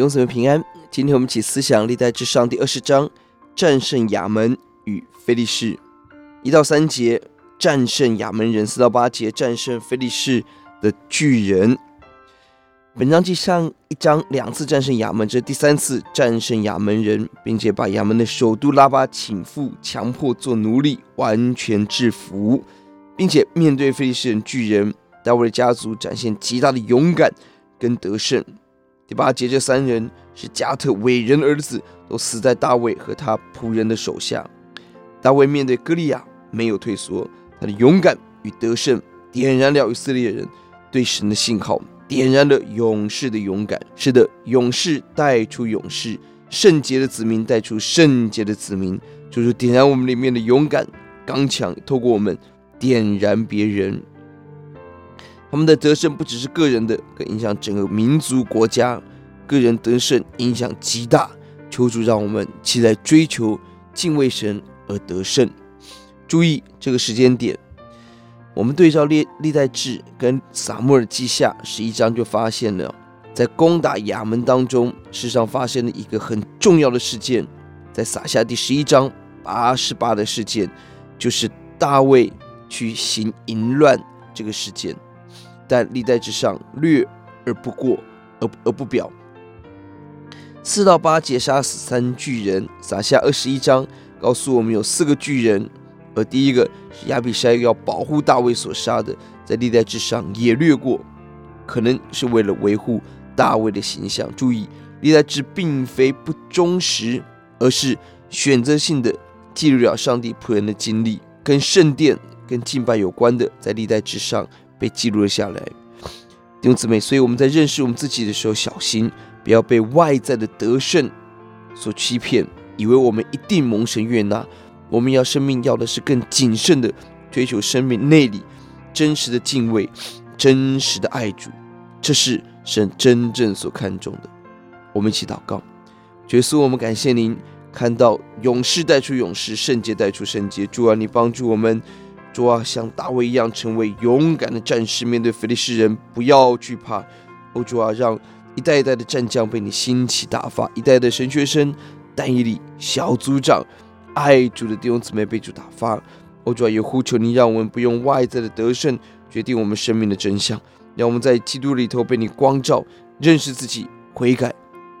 永子孫平安。今天我們一起思想歷代志上第二十章：戰勝亞捫與非利士。一到三節，戰勝亞捫人；四到八節，戰勝非利士的巨人。本章繼上一章兩次戰勝亞捫，這是第三次戰勝亞捫人，並且把亞捫的首都拉巴傾覆，強迫做奴隸，完全制服，並且面對非利士的巨人，大衛的家族展現極大的勇敢跟得勝。第八節，這三人是迦特偉人兒子，都死在大衛和他僕人的手下。大衛面對歌利亞沒有退縮，他的勇敢與得勝點燃了以色列人對神的信靠，點燃了勇士的勇敢。是的，勇士帶出勇士，聖潔的子民帶出聖潔的子民。就是點燃我們裡面的勇敢、剛強，透過我們點燃別人。他們的得勝不只是個人的，更影響整個民族國家。個人得勝影響極大。求主讓我們期待追求敬畏神而得勝。注意這個時間點，我們對照歷歷代志跟撒母耳記下十一章，就發現了在攻打亞捫當中，世上發生了一個很重要的事件，在撒下第十一章拔示巴的事件，就是大衛去行淫亂這個事件。但歷代志上略而不過，而不而不表。四到八節殺死三巨人，撒下二十一章，告訴我們有四個巨人，而第一個是亞比篩要保護大衛所殺的，在歷代志上也略過，可能是為了維護大衛的形象。注意，歷代志並非不忠實，而是選擇性的記錄了上帝僕人的經歷，跟聖殿、跟敬拜有關的，在歷代志上。被記錄了下來，弟兄姊妹，所以我們在認識我們自己的時候，小心不要被外在的得勝所欺騙，以為我們一定蒙神悅納。我們要生命，要的是更謹慎的追求生命內裡真實的敬畏，真實的愛主，這是神真正所看重的。我們一起禱告，主耶穌，我們感謝您，看到勇士帶出勇士，聖潔帶出聖潔，主啊，你幫助我們。主啊，像大衛一樣成為勇敢的戰士，面對非利士人，不要懼怕。歐、哦、主啊，讓一代一代的戰將被你興起打發，一代的神學生、但以理小組長、愛主的弟兄姊妹被主打發。歐、哦、主啊，也呼求你，讓我們不用外在的得勝決定我們生命的真相，讓我們在基督裡頭被你光照，認識自己，悔改，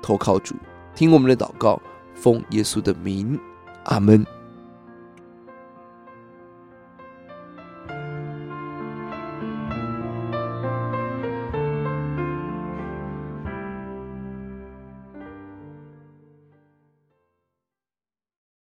投靠主，聽我們的禱告，奉耶穌的名，阿門。